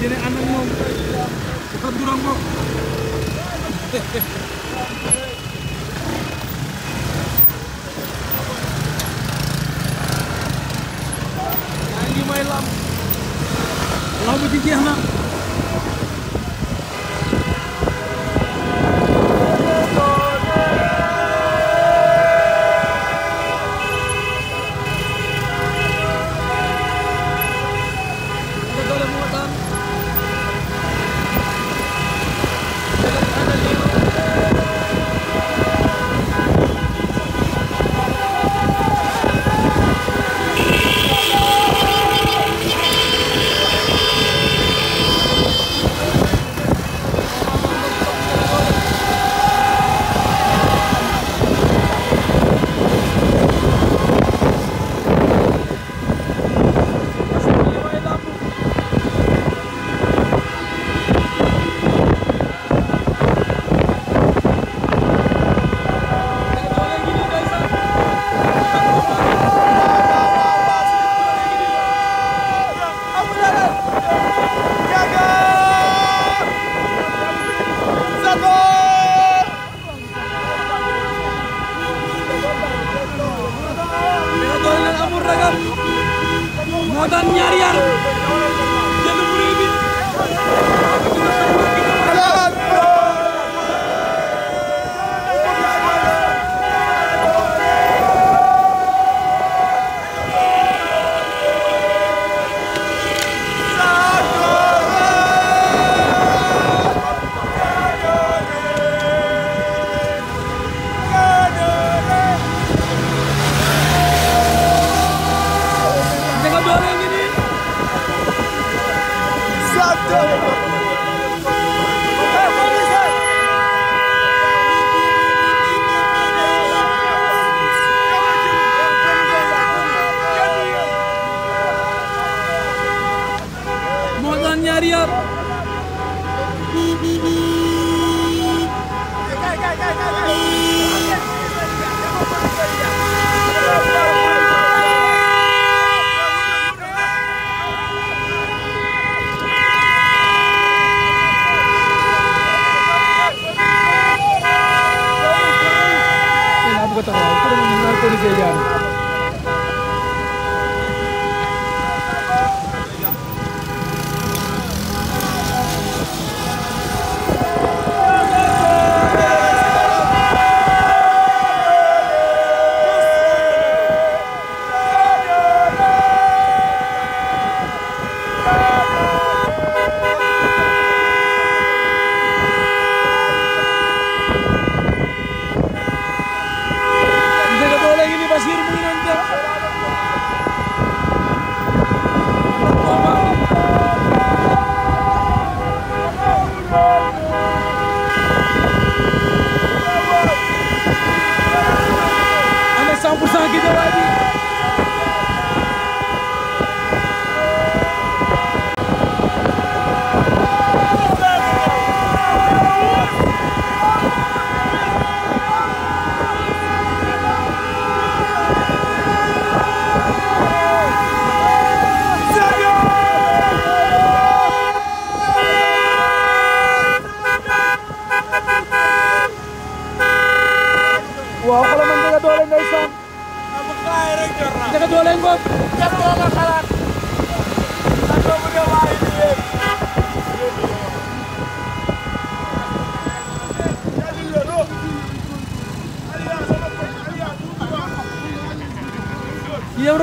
yéen ànd ak moom dafa dura ngoog yaa ngi may lamb lamb ji jeex na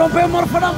trompé Mor Fadam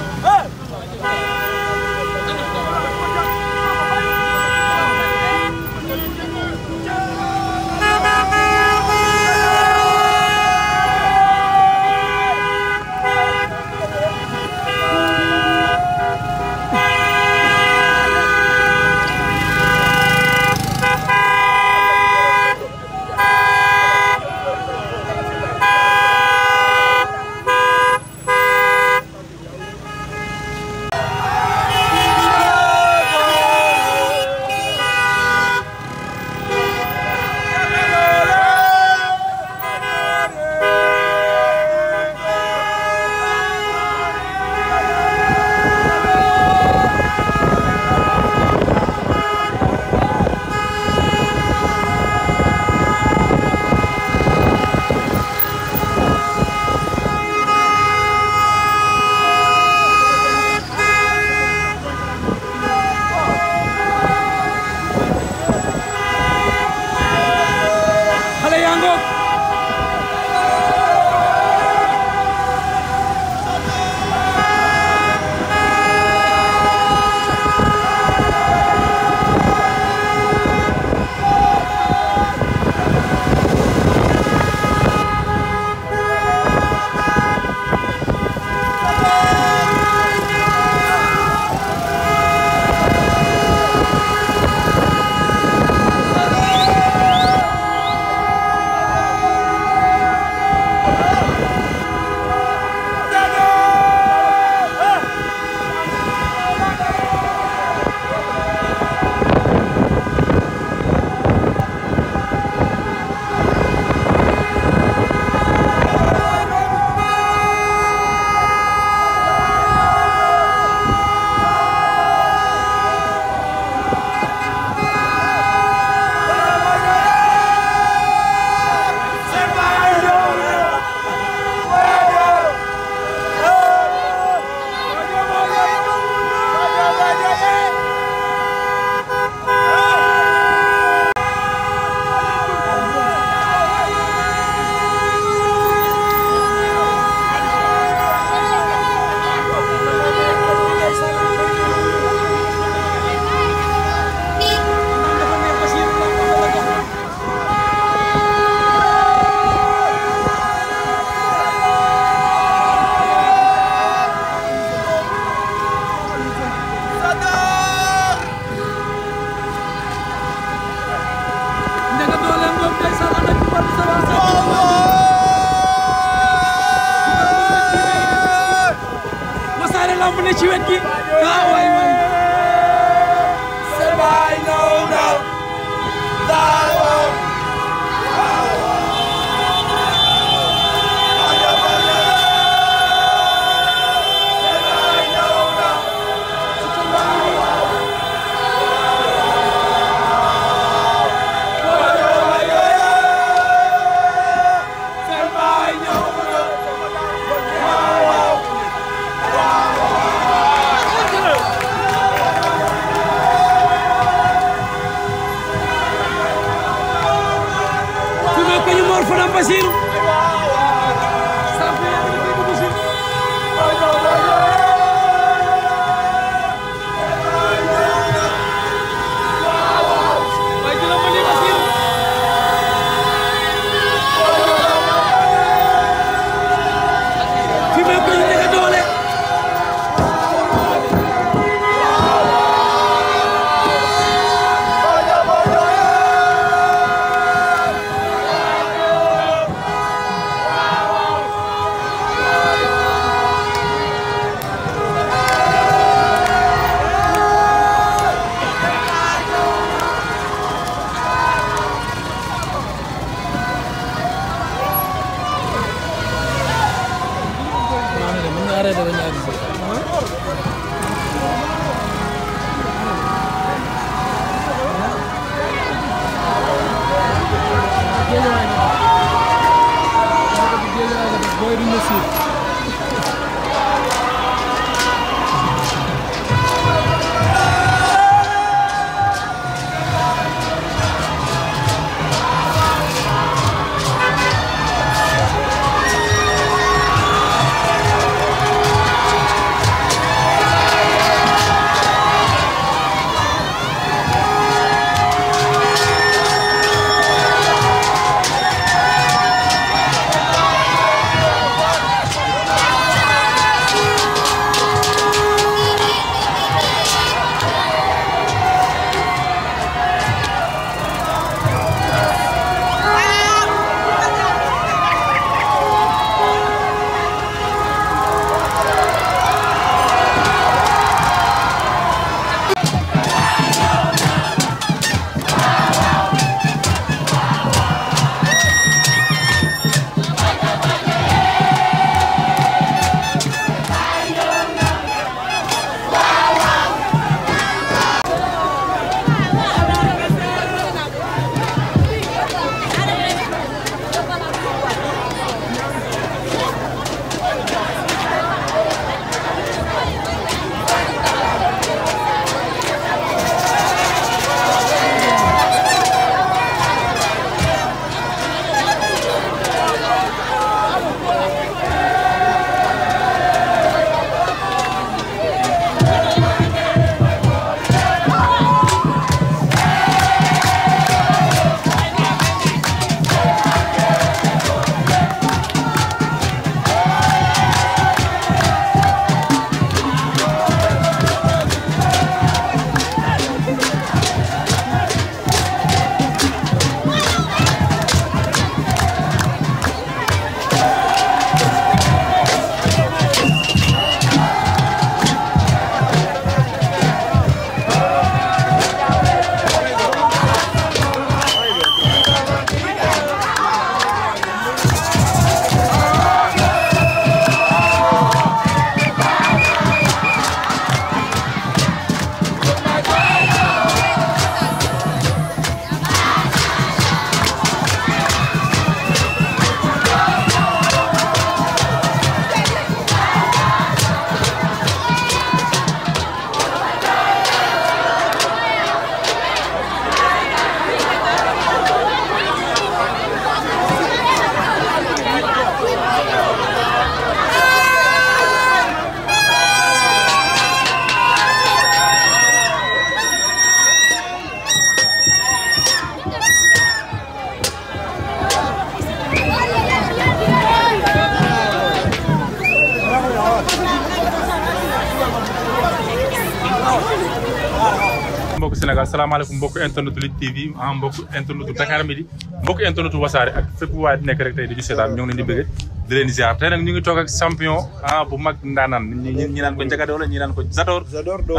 Sénégal salaamaaleykum mbokku internetu Lutte TV ah mbokku internetu Dakar Midi mbokku internetu Wassare ak fépp waaye di nekk rek tey di ñu seetaan ñoo ngi leen di bëgg di leen ziar ngi toog ak champion ah bu mag ndaanaan ñi ko Ndiaga Dolé ñi naan ko Zador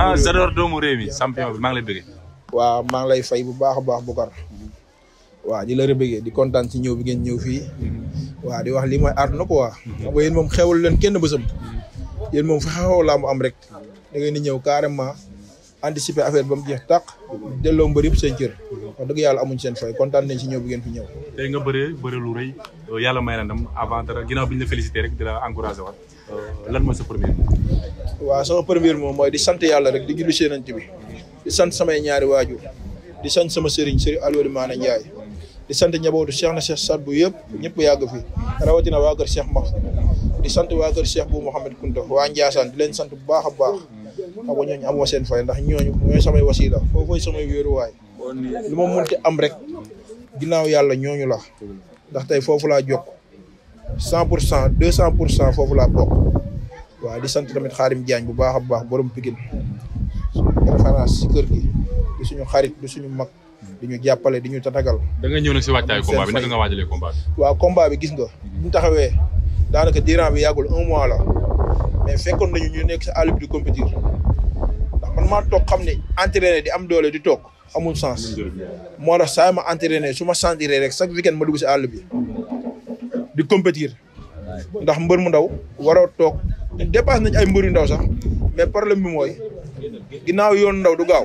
ah Zador doomu réew mi champion maa ngi lay bëgg waaw maa lay fay bu baax a baax Boucar waaw di la rëbëgee di kontaan ci ñëw bi ngeen ñëw fii mm-hmm. waaw di wax lii mooy aar na quoi mm-hmm. xam nga moom xewal leen kenn bësam mm-hmm. yéen moom fa xewoo am rek da ngeen di ñëw carrément anticiper affaire ba mu jeex tàq delloo mbër yëpp seen cër yàlla amuñ seen fay kontaan nañ si ñëw bi ngeen fi ñëw tey nga bëree bëre lu rëy euh, yàlla may na ndam avant dara ginnaaw bi ñu la rek di la encouragé waat euh, lan mooy sa premier waaw sama premier moom mooy di sant yàlla rek di julli seenant bi di sant samay ñaari waajur di sant sama sëriñ sëriñ Aliou Maana Ndiaye di sant njabootu Cheikh na Cheikh Saad yëpp ñëpp yàgg fi rawatina waa kër Cheikh Max di sant waa kër Cheikh bu Mouhamed waa Ndiassane sant bu baax a baax xam nga ñooñu amoo seen fay ndax ñooñu ñooy samay wasila foofooy samay wéeruwaay moom ma mënti am rek ginnaaw yàlla ñooñu la ndax tey foofu laa jokk cent pour cent deux cent pour cent foofu la bokk waa di sant tamit xaarim jaañ bu baax bu baax borom Pikine référence si kër gi di suñu xarit di suñu mag di ñu jàppale di ñu tatagal da nga ñëw nag si waajtaayu combat bi naka nga waajalee combat bi waaw combat bi gis nga bu ñu taxawee daanaka diiran bi yàggul un mois la mais fekkoon nañu ñu nekk si àll bi di compétir ndax man maa toog xam ne entraîné di am doole di toog amul sens. moo tax saa ma entraîné su ma sentiree rek chaque weekend ma dugg si àll bi di compétir ndax mbër mu ndaw waroo toog dépassé nañ ay mbër yu ndaw sax mais problème bi mooy ginnaaw yoon ndaw du gaaw.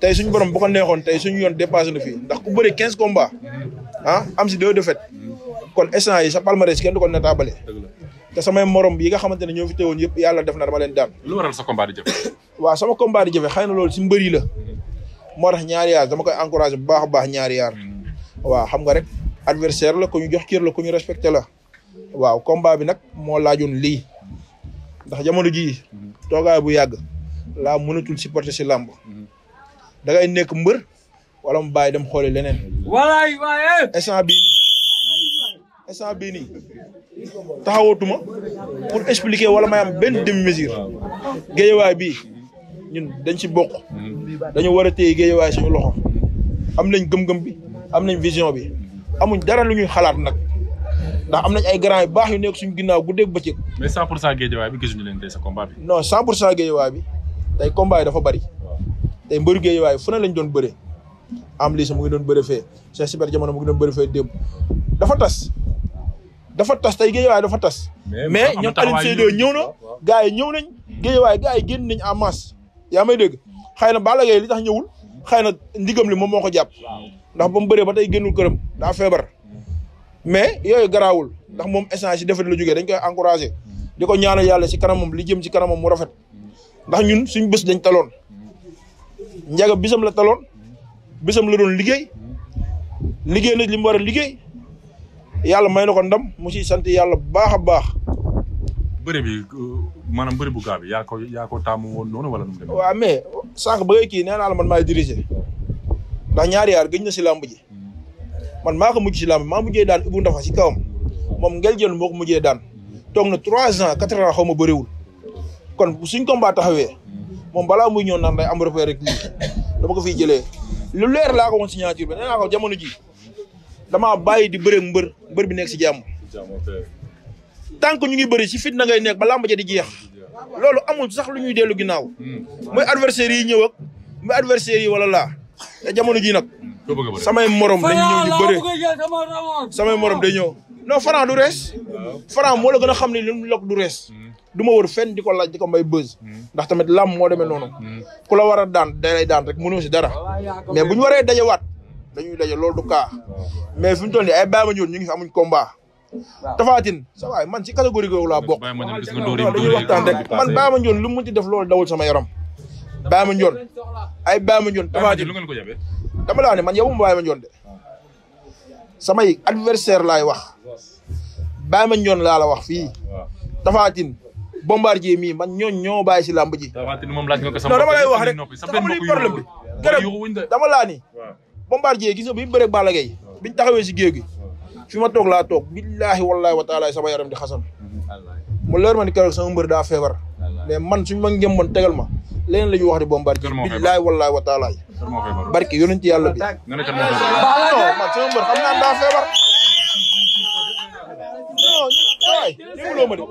tey suñ borom bu neexoon tey suñ yoon dépassé na fii ndax ku bëri quinze combats ah am si de défaites kon instant a sa palmarès kenn du ko natabale te samay morom yi nga xamante ne ñoo fi teewoon yëpp yàlla def na dama leen daan. lu waral sa combat di jafe. waaw sama combat di jafe xëy na loolu si mbëri la. Mm-hmm. moo tax ñaari yaar dama koy encouragé bu baax baax ñaari yaar. Mm-hmm. waaw xam nga rek adversaire la ko ñu jox kër la ku ñu respecté la. waaw combat bi nag moo laajoon lii. ndax jamono jii. Mm-hmm. toogaay bu yàgg. laa mënatul supporter si làmb. da ngay nekk mbër. wala mu bàyyi dem xoole leneen. walaay waaye. Eh! instant bii nii. taxawatuma pour expliquer wala may am benn demi mesure géejawaay bi ñun dañ ci bokk dañu war a téye géejawaay suñu loxo am nañ gëm-gëm bi am nañ vision bi amuñ dara lu ñuy xalaat nag ndax am nañ ay grand yu baax yu nekk suñu ginnaaw guddeeg bëccëg. mais 100 pour cent géejawaay bi gisuñu leen tey sa combat bi. non 100 pour cent géejawaay bi tey combat yi dafa bari tey mbëru géejawaay fu ne lañ doon bëree am lii mu ngi doon bëree fee Cheikh Super jamono mu ngi doon bëree fee démb dafa tas. dafa tas tey géejawaay dafa tas. mais ñoom Alioune Seye 2 ñëw na. gars yi ñëw nañ. géejawaay gars yi génn nañ en masse. yaa may dégg xëy na Balla Gaye li tax ñëwul xëy na ndigam li moom moo ko jàpp. ndax ba mu bëree ba tey génnul këram daa feebar. mais yooyu garawul ndax moom échange defet la jógee dañ koy encouragé. di ko ñaanal yàlla si kanamam li jëm si kanamam mu rafet. ndax ñun suñ bés dañ taloon. njaga bisam la taloon. bisam la doon liggéey. liggéey na li mu war a liggéey yàlla may na ko ndam mu ciy sant yàlla bu baax a baax. bëri bi euh, maanaam bëri bu gaa bi yaa ko yaa ko taamu woon noonu wala nu mu demee. waaw mais ba kii nee naa la man maay diriger ndax ñaari yaar gëj na si làmb ji man maa ko mujj si làmb maa mujjee daan Ibou Ndafa si kawam moom ngel jël moo ko mujjee daan toog na trois ans quatre ans xaw ma bëriwul kon suñ combat taxawee moom balaa muy ñëw naan day am repère rek lii dama ko fi jëlee lu leer laa ko woon signature bi nee jamono ji dama bàyyi di bëre mbër mbër bi nekk si jàmm. tant que ñu ngi bëri si fitna ngay nekk ba làmb ja di jeex loolu amul sax lu ñuy dellu ginnaaw. muy hmm. adversaire yi ñëw ak muy adversaire yi wala laa te jamono ji nag. samay morom dañ ñëw ñu bëre samay morom day ñëw. non Franc du rees. Franc moo la gën a xam ne lu lokk du rees. Hmm. du ma wër fenn di ko laaj di ko may buzz. Hmm. ndax tamit làmb moo demee noonu. ku la war a daan day lay daan rek mënoo si dara. mais bu ñu waree dajawaat. dañuy daje loolu du kaa mais fi mu toll ay Baye Mandione ñu ngi fi amuñ combat. waaw Tapha sa waay man ci catégorie googu laa bokk. dañuy waxtaan rek man Baye Mandione lu mu ci def loolu dawul sama yaram. Baye Mandione ay Baye Mandione Tapha Tine dama la wax ne man yow mu Baye Mandione de samay adversaire laay wax Baye joon laa la wax fii Tapha Tine bombardier mii man ñoo ñoo bàyyi si làmb ji. Tapha Tine moom laaj nga ko sama. wax rek xam nga luy problème bi. dama laa ni Bombardier gis nga bi mu bëreeg Balla taxawee si géew gi fi ma toog laa toog billaahi wallaahi wa taala sama yaram di xasan mu leer ma ni keroog sama mbër daa feebar mais man suñu ma ngëmboon tegal ma leneen la ñuy wax di Bombardier billaahi wallaahi wa taala barke yonent yàlla bi non man sama mbër xam naa daa feebar waay dégloo ma de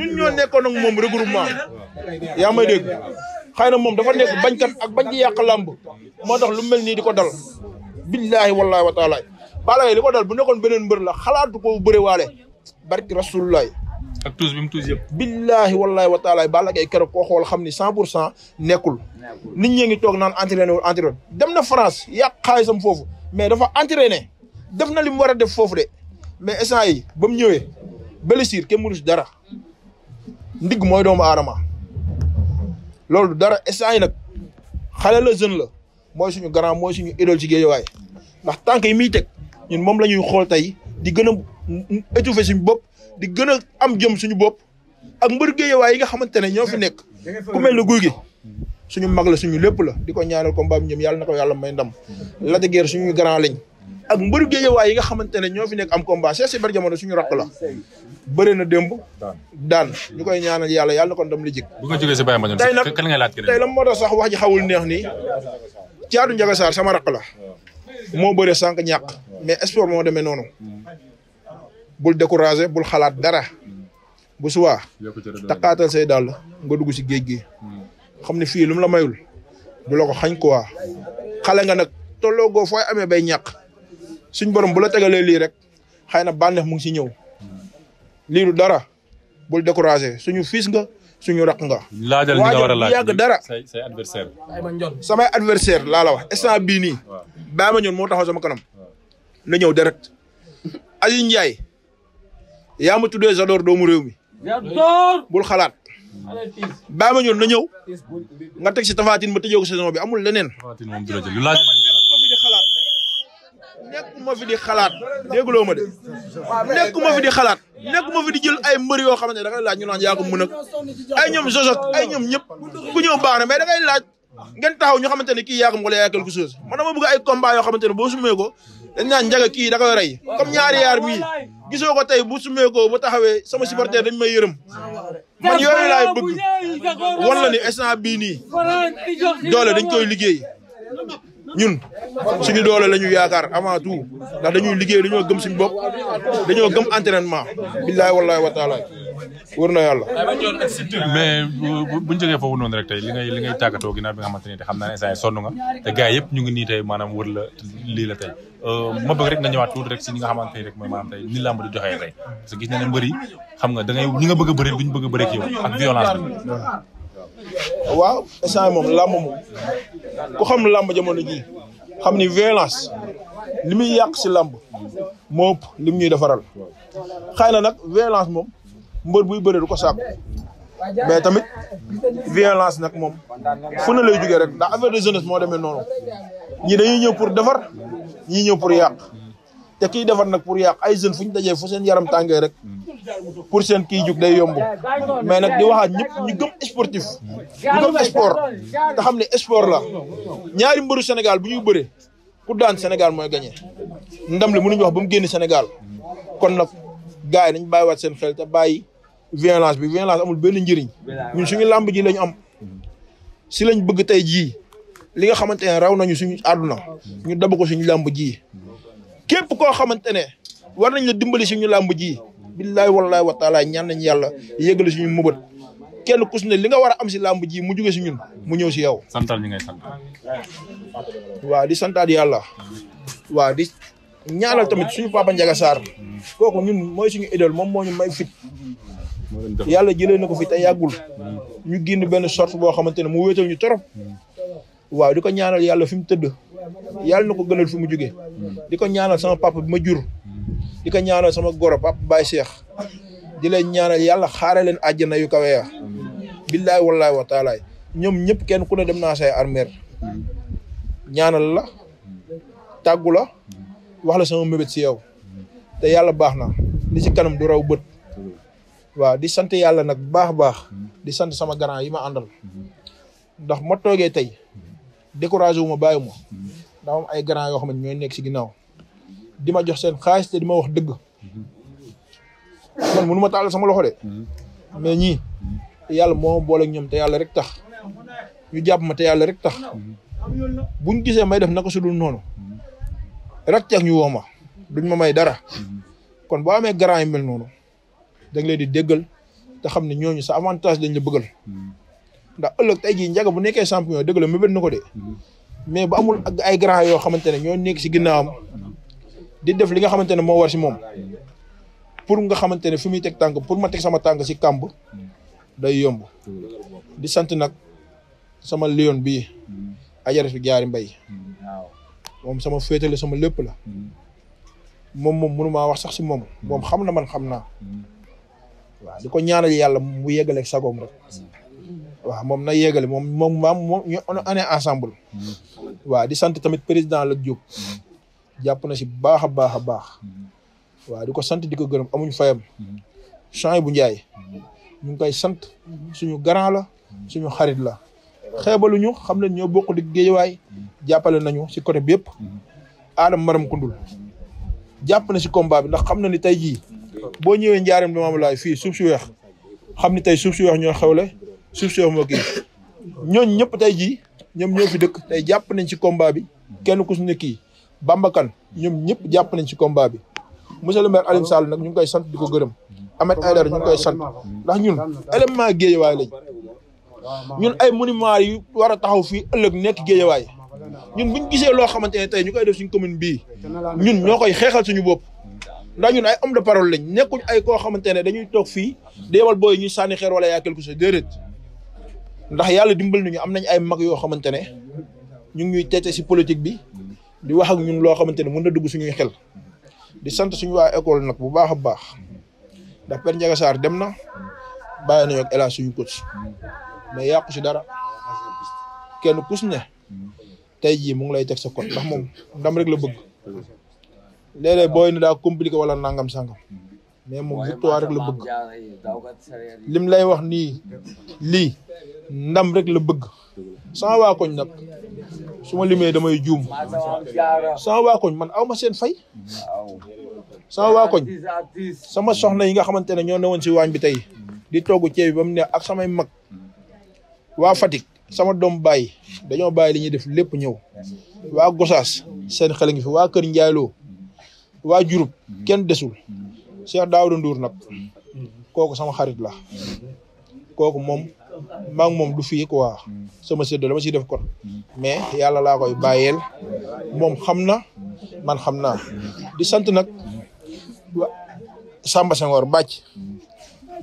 ñun ñoo nekkoon ak moom regroupement yaa may dégg xay na moom dafa nekk bañkat ak bañ di yàq làmb moo tax lu mel nii di ko dal billaahi wallaahi wa taala Balla Gaye li ko dal bu nekkoon beneen mbër la xalaatu ko bëre waale barki rasulullahi ak tuus bi mu tuus yëpp billaahi wallaahi wa taala Balla Gaye keroog koo xool xam ni san pour cent nekkul nit ñi ngi toog naan entraîné wul entraîné dem na France yàq xaalisam foofu mais dafa entrée ne def na li mu war a def foofu de mais instant yi ba mu ñëwee blessure ke mënu dara ndigg mooy doomu aadama loolu dara instant nag xale la jeune la mooy suñu grand mooy suñu idole ci géejawaay ndax tànk yi muy teg ñun moom la ñuy xool tey di gën a étouffer suñu bopp di gën a am jëm suñu bopp ak mbër géejawaay yi nga xamante ne ñoo fi nekk ku mel ne guy gi suñu mag la suñu lépp la di ko ñaanal combat mbaam ñoom yàlla na ko yàlla may ndam la de guerre suñu grand lañ ak mbëru waa yi nga xamante ne ñoo fi nekk am combat Cheikh Super Diamono suñu rakk la bëri na démb daan ñu koy ñaanal yàlla yàlla na ko ndam li jik tey nag tey la moo tax sax wax ji xawul neex nii caadu njaga saar sama rakk la moo bëre sànq ñàkk mais espoir moo demee noonu bul découragé bul xalaat dara bu suwaa takkaatal say dàll nga dugg si géej gi xam ne fii lu la mayul du la ko xañ quoi xale nga nag tolloogoo fooy amee bay ñàkk suñ borom bu la tegalee lii rek xëy na bànneex mu ngi si ñëw lii dara bul découragé suñu fiis nga suñu raq nga. laajal nga war a yàgg dara. say say adversaire. samay adversaire laa wax instant bii nii. waaw bàyyi moo taxaw sama kanam. na ñëw direct. Aziz Ndiaye. yaa ma tuddee Zador doomu réew mi. bul xalaat. bàyyi ma ñoon na ñëw. nga teg si Tapha Tine ma tëjee ko saison bi amul leneen. nekkuma fi di xalaat dégguloo ma de nekkuma fi di xalaat nekkuma fi di jël ay mbër yoo xamante ne da ngay laaj ñu naan yaa ko mën ak ay ñoom zozok ay ñoom ñëpp ku ñëw baax na mais da ngay laaj ngeen taxaw ñu xamante ne kii yaa ko wala yaa man dama bëgg ay combat yoo ne boo sumee ko dañ naan njaga kii da koy rey comme ñaari gisoo ko tey bu sumee ko bu taxawee sama supporter dañ may yërëm man yooyu laay bëgg ni instant bii doole dañ koy liggéey ñun ni doole la ñu yaakaar avant tout ndax dañuy liggéey dañoo gëm suñu bopp dañoo gëm entraînement. billaay wallaay wa taala wër na yàlla. mais bu bu ñu jógee foofu noonu rek tey li ngay li ngay tàggatoo ginnaaw bi nga xamante ne xam naa ne instant nga te gars yëpp ñu ngi nii tey maanaam wër la lii la tey euh, ma bëgg rek nga ñëwaat tuuti rek si ñi nga xamante ne rek mooy maanaam tey ni làmb di joxee tey parce que gis na ne mbër xam nga da ñi nga bëgg a bëri duñ bëgg bëri ak yow waaw instant moom làmb moom ku xam làmb jamono ji xam ni violence li muy yàq si làmb moo ëpp lim ñuy defaral xëy na nag violence moom mbër buy bëre du ko sàkku mais tamit violence nag moom fu na lay jógee rek ndax affaire de jeunesse moo demee noonu ñii dañuy ñëw pour defar ñii ñëw pour yàq te kiy defar nag pour yàq ay jeunes fu ñu dajee fu seen yaram tàngee rek pour seen kiy jug day yombu mais nag di waxaat ñëpp ñu gëm sportif ñu gëm sport te xam ne sport la ñaari mbëru Sénégal bu ñuy bëree ku daan Sénégal mooy gagné ndam li mënuñu wax ba mu génn senegal kon nag gars nañ nañ bàyyiwaat seen xel te bàyyi violence bi violence amul benn njariñ ñun suñu làmb ji lañ am si lañ bëgg tey jii li nga xamante ne raw nañu suñu àdduna ñu dab ko suñu làmb ji képp koo xamante ne war nañ la dimbali suñu làmb ji billaay wallaay wa taala ñaan nañ yàlla yëgale suñu kenn ku si li nga war a am si làmb ji mu jóge si ñun mu ñëw si yow. santal ñi ngay sant. waaw di santaat yàlla. waa di ñaanal tamit suñu papa Ndiaga Sarr. kooku ñun mooy suñu idole moom moo ñu may fit. yàlla jëlee na ko fi te yàggul. ñu génn benn sorte boo xamante ne mu wéetal ñu torop waaw di ko ñaanal yàlla fi mu tëdd. yàlla na ko gënal fi mu jógee hmm. di ko ñaanal sama papa bi ma jur di ko ñaanal sama goro papa baay Cheikh di leen ñaanal yàlla xaare leen àjjana yu kawe ya hmm. billaay wallaay wa taalaay ñoom ñëpp kenn ku ne dem naa say armeer hmm. ñaanal la tàggu la wax sama mébét si yow te yàlla baax na li ci kanam du raw bët waaw di sant yàlla nag baax baax di sant sama grand yi ma àndal ndax ma toogee tey découragé wu ma bàyyi ma daa am ay grand yoo xam ne ñooy nekk si ginnaaw di ma jox seen xaalis te di wax dëgg ma taal sama loxo de ñii yàlla moo boole ak ñoom te yàlla rek tax ñu jàpp ma yàlla rek tax buñ gisee may def naka su dul noonu rak ñu woo ma duñ ma may dara kon boo amee grand yi mel noonu dañ leen di déggal te xam ne ñooñu sa avantage dañ la bëggal ndax ëllëg tey jii njaga bu nekkee champion dëgg la mébét na ko de mais bu amul ak ay grand yoo xamante ne ñoo nekk si ginnaawam di def li nga xamante ne moo war si moom pour nga xamante ne fi muy teg tànk pour ma teg sama tànk si kàmb day yomb di sant nag sama lion bi ajaris bi jaari mbay moom sama féetale sama lépp la moom moom mënu wax sax si moom moom xam na man xam naa di ko ñaanal yàlla mu yeggaleeg sagoom rek waaw moom na yeegale moom moom maam moom ñu on est ensemble. Mm-hmm. waaw di sant tamit président la jóg mm-hmm. jàpp na si baax a baax a baax. Mm-hmm. waaw di ko sant di ko gërëm amuñ fayam. champs bu njaay ñu ngi koy sant suñu grand la. suñu xarit la. xeebaluñu xam ne ñoo bokk di géejawaay jàppale nañu si côté bi yëpp. Adam Maram Kundul. jàpp na si combat bi ndax xam na ni tey jii. boo ñëwee njaaram bi maam laay fii suuf si weex. xam ni tey suuf si weex ñoo le suuf si moo kii ñooñ ñëpp tey jii ñoom ñoo fi dëkk tey jàpp nañ ci combat bi kenn ku si ne kii bambakan ñoom ñëpp jàpp nañ ci combat bi monsieur le maire Alioune Sall nag ñu ngi koy sant di ko gërëm Ahmed Aïdara ñu ngi koy sant ndax ñun élément géejawaay lañ ñun ay monument yu war a taxaw fii ëllëg nekk géejawaay ñun buñ gisee loo xamante ne tey ñu koy def siñ commune bii ñun ñoo koy xeexal suñu bopp ndax ñun ay homme de parole lañ nekkuñ ay koo xamante ne dañuy toog fii deewal booy ñu sànni xeer wala yaa quelque chose ndax yàlla dimbal ñu am nañ ay mag yoo xamante ne ñu ngi ñuy teete si politique bi di wax ak ñun loo xamante ne mën na dugg suñuy xel di sant suñu waa école nag bu baax a baax da Père Ndiaga Sarr dem na bàyyi na ak El Hadj suñu coach mais yàqu si dara kenn kus ne tey jii mu ngi lay teg sa code ndax moom ndam rek la bëgg léeg-léeg booy ne daa compliqué wala nangam sangam. mais moom victoire rek la bëgg lim lay wax nii lii ndam rek la bëgg sama waa koñ nag su ma limee damay juum sama waa koñ man aw ma seen fay sama waa koñ sama soxna yi nga xamante ne ñoo newoon si waañ bi tey di togg ceeb ba mu ne ak samay mag waa Fatick sama doom baay dañoo bàyyi li def lépp ñëw waa Gosaas seen xel fi waa Kër Njaayloo waa Diouroup kenn desul Cheikh Daouda Ndour nag kooku sama xarit la kooku moom maa moom du fi quoi sama séddale ma si def kon mais yàlla laa koy bàyyeel moom xam na man xam naa di sant nag Samba Senghor bàcc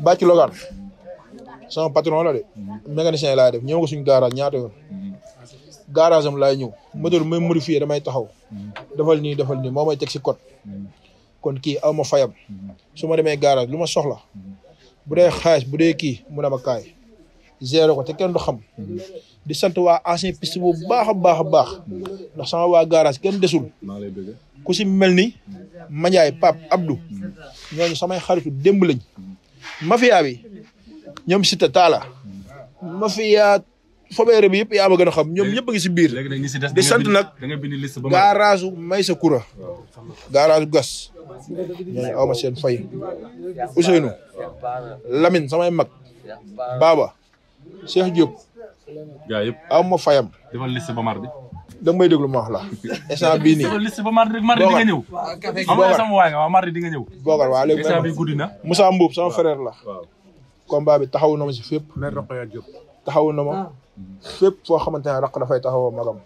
bàcc logaan sama patron la de mécanicien laa def ñëw suñ suñu garage ñaata yoon garage am laay ñëw moteur may modifier damay taxaw defal nii defal nii moo may teg si kon kii aw ma fayam mm-hmm. su ma demee garage lu ma soxla mm-hmm. bu dee xaalis bu dee kii mu ne ma kaay géré ko te kenn du xam mm-hmm. di sant waa ancien piste bu baax a baax a baax ndax sama waa garage kenn desul ku si mel ni Mandiaye Pape Abdou ñooñu samay xaritu démb lañ mafia bi ñoom Sita Talla mafia fobeere bi yëpp yaa ma gën a xam ñoom ñëpp a ngi si biir di sant nag garage may sa kura garage gas ñu ne aw ma seen fay Ousseynou Lamine samay mag Baba Cheikh Diop. gaa yëpp aw ma fayam. defal liste ba mardi. da nga may déglu ma la instant bii nii. liste ba mardi rek sama waay nga waaw di nga ñëw. Bokar waaw léegi na. Moussa Mboub sama frère la. waaw combat bi taxawu na ma si fépp. mère Rokhaya Diop. taxawu na ma. Ah. fépp foo xamante ne raq dafay taxawoo magam.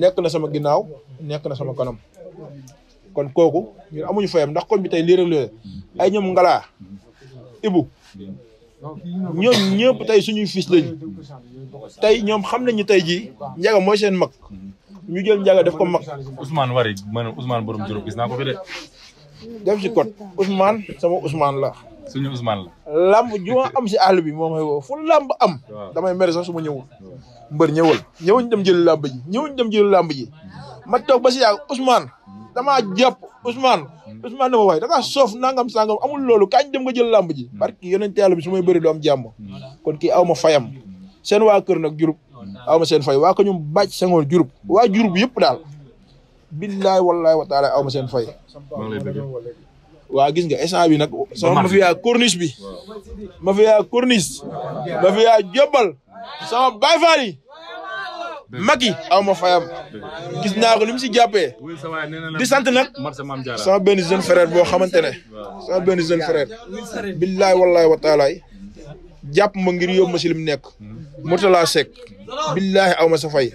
nekk na sama ginnaaw nekk na sama kanam. kon kooku amuñu fayam ndax koñ bi tey lii rek lii ay ñoom ngalaa ibu ñoom ñëpp tey suñuy fils lañu tey ñoom xam ñu tey jii njaga mooy seen mag ñu jël njaga def ko mag. Ousmane Wari man Ousmane borom juróom gis naa ko fi de. def ci code sama Ousmane la. suñu Ousmane la. am si àll bi moom mooy woo fu lamb am. damay mere sax su ñëwul. mbër ñëwal ñëwuñ dem jël lamb ji ñëwuñ dem jël ji ma toog ba si yàgg Ousmane. damaa jàpp Ousmane hmm. Ousmane ne ma waay dangaa soof nangam sangam amul loolu kañ dem nga jël làmb ji parce hmm. que yonente yàlla bi suma may bëri du am hmm. kon kii aw ma fayam seen waa kër nag jurub aw ma seen fay waa ko ñum bàcc jurub waa jurub yëpp daal billaay wallaay wa taala aw ma seen fay waa gis nga instant bi nag sama mafia corniche bi ma corniche mafia sama baay faal Macky aw ma fayam gis naa ko li mu si jàppee di sant nag sama benn jeune frère boo xamante ne sama benn jeune frère billaay wallaay wa taalaay jàpp ma ngir yóbbu ma si li mu nekk hmm. Mourtala Seck billaahi aw ma sa fay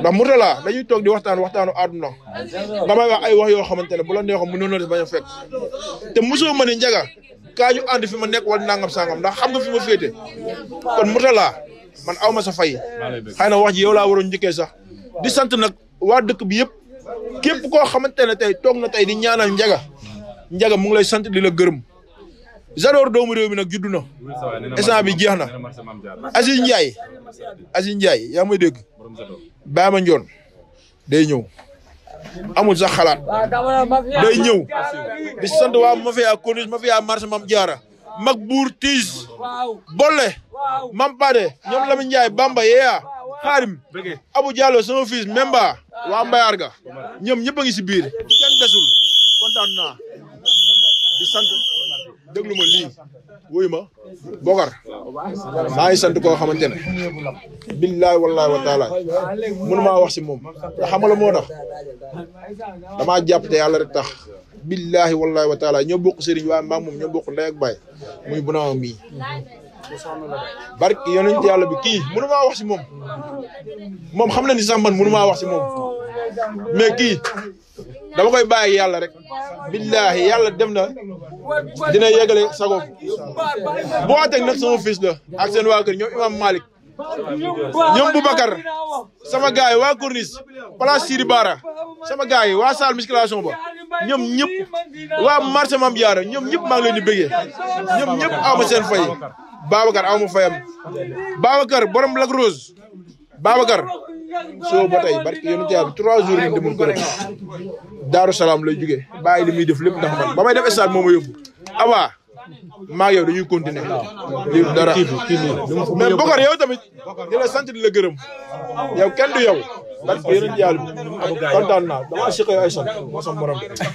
ndax Mourtala dañuy toog di waxtaan waxtaanu àdduna damay wax ay wax yoo xamante ne bu la neexoon mënoon na bañ a fekk te mosoo ma ne njaga kaa ñu ànd fi ma nekk wala nangam sangam ndax xam nga fi ma féete kon Mourtala man aw ma sa fay xëy wax ji yow laa waroon njëkkee sax di sant nag waa dëkk bi yëpp képp koo xamante ne tey toog na tey di ñaana njaga njaga mu ngi lay sant di la gërëm Zador doomu réew mi nag juddu na bi jeex na Aziz Ndiaye Aziz Ndiaye yaa may dégg Baama Njoon day ñëw amul sax xalaat day ñëw di sant waa Mafia Corniche Mafia marché Mame jaara mag buur tiis bolle mampade ñoom Lamine Ndiaye bamba yeeya xaarim Abou Diallo sama fils memba waa mbayaar ga ñoom ñëpp a ngi si biir kenn desul kontaan naa di sant déglu ma lii wuyu ma bogar maa ngi sant koo xamante ne billaay wallaay wa taala mënu maa wax moom te xamala moo tax damaa jàpp tax billaahi wallaahi wa taala ñoo bokk sëriñ waaye maam moom ñoo bokk ndey ak baay muy bu naaw mii barke yonent yàlla bi kii mënu maa wax si moom moom xam na ni sax man mënu wax si moom mais kii dama koy bàyyi yàlla rek billaahi yàlla dem na dina yegale sago boo ateeg nag sama fils la ak waa kër ñoom imam Malick ñoom Boubacar sama gars waa Corniche place Siri Bara sama gars waa salle musculation ba ñoom ñëpp waa marché Mame Diarra ñoom ñëpp maa ngi leen di bëggee ñoom ñëpp aw ma seen fay Babacar aw ma fayam Babacar borom Lac Rose Babacar soo ba tey barki yéen a ngi trois jours lañ demul kër Daaru Salaam lay jógee bàyyi li def lépp ndax man ba may def stade moo ma yóbbu awa maa yow dañuy continuer lii dara mais yow tamit di la sant di la gërëm yow kenn du yow. barki yéen a ngi kontaan naa damaa siqe ay